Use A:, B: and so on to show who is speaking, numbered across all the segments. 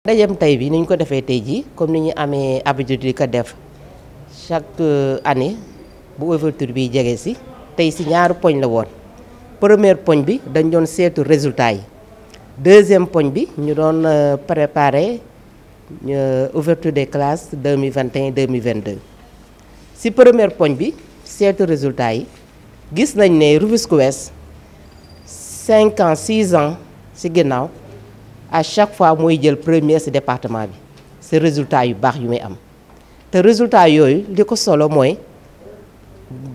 A: ndajeem tay bi niñ ko defee tay ji comme nous avons amee habitude di ko def chaque euh, année bu ouverture bi djégé si tay si ñaaru poñ la won première poñ bi dañ don seetu résultat yi deuxième point, bi ñu don euh, préparer euh, ouverture des classes 2021 2022 si premier point, bi seetu résultat yi gis nañ né Rufisque Ouest cinq ans 6 ans à chaque fois moy jël premier ce département bi ce résultat yu bax yu may am te résultat yoy li solo moy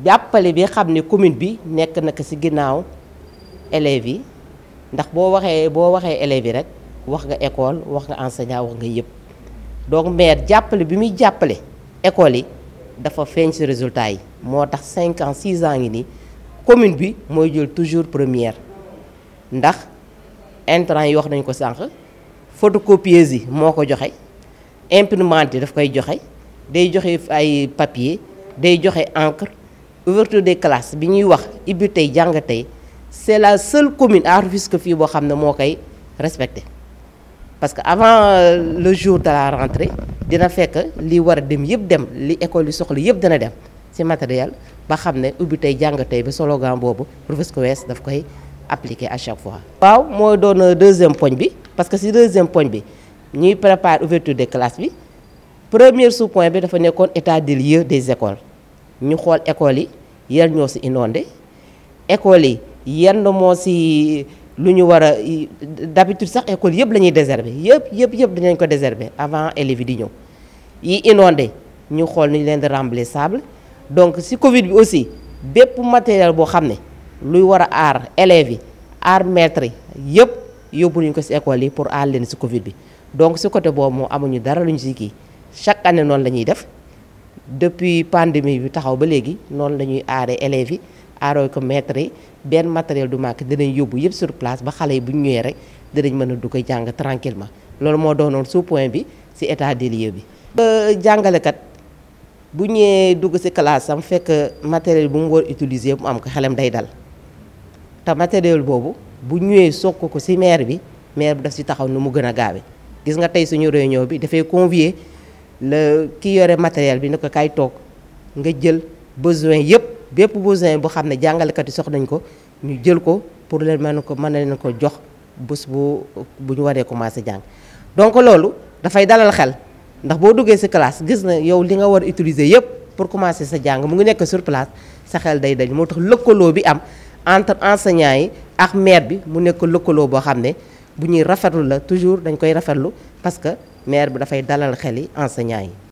A: jàppale bi xamné commune bi nek na ci ginnaw ginnaaw élèves yi ndax bo waxé bo waxé élèves rek wax nga école wax nga enseignant wax nga yépp donc maire jàppale bi mi jàppale école yi dafa feeñ si résultat yi motax 5 ans 6 ans ngi nii commune bi moy jël toujours première ndax intrant yi wax ko sank photocopieuse yi moko joxe imprimante daf koy joxe day joxe ay papier day joxe encre ouverture des classes biñuy wax ibbi tey jàng tey c'est la seule commune à Rufisque fii boo xam ne moo koy parce que avant euh, le jour de la rentrée dina fekk li wara dem yeb dem li école yi soxla yeb dana dem ci matériel ba xamne ne ubbi tey jàng tey ba slogan boobu Rufisque Ouest daf koy appliqué à chaque fois. waaw donne euh, le deuxième point. bi parce que si deuxième point, bi Nous préparons ouverture des classes bi premier sous point bi dafa nekkoon état des lieux des écoles Nous xool écoles yi nous aussi inondé écoles yi yan aussi si d'habitude sax école yëpp la ñuy désherber yëpp écoles avant élèves yi sont inondées. yi inondé nous xool ñu donc si Covid aussi, aussi pour matériel pour xam luy war a aar élèves yi aar maîtres yi yëpp yóbbu nañu ko si école yi pour aar leen si Covid bi donc si côté boobu moom amuñu dara luñu si kii chaque année noonu la ñuy def depuis pandémie bi taxaw ba léegi noonu la ñuy aaree élèves yi aaroo ko maître yi benn matériel du manqué dinañ yóbbu yëpp sur place ba xale yi bu ñëwee rek dinañ mën a du koy jàng tranquillement loolu moo doonoon sous point bi si état des lieux bi. jàngalekat bu ñëwee dugg si classe am fekk matériel bu mu war utiliser mu am ko xelam day dal. te matériel boobu bu ñëwee sokk ko ci maire bi maire bi daf ci taxaw nu mu gën a gaawe gis nga tey suñu réunion bi dafay convier le ki yore matériel bi ni ko kay toog nga jël besoin yëpp bépp besoin bu xam ne jàngalekat yi sox nañ ko ñu jël ko pour leen mën ko mën leen ko jox bés bu bu ñu waree commencé jàng donc loolu dafay dalal xel ndax boo duggee ci classe gis na yow li nga war a utiliser yëpp pour commencer sa jàng mu ngi nekk sur place sa xel day dañ moo tax lëkkaloo bi am entre enseignants yi maire bi mu nek lëkkaloo bo xamné ne bu rafetlu la toujours dañ koy rafetlu parce que maire bi fay dalal xel yi enseignants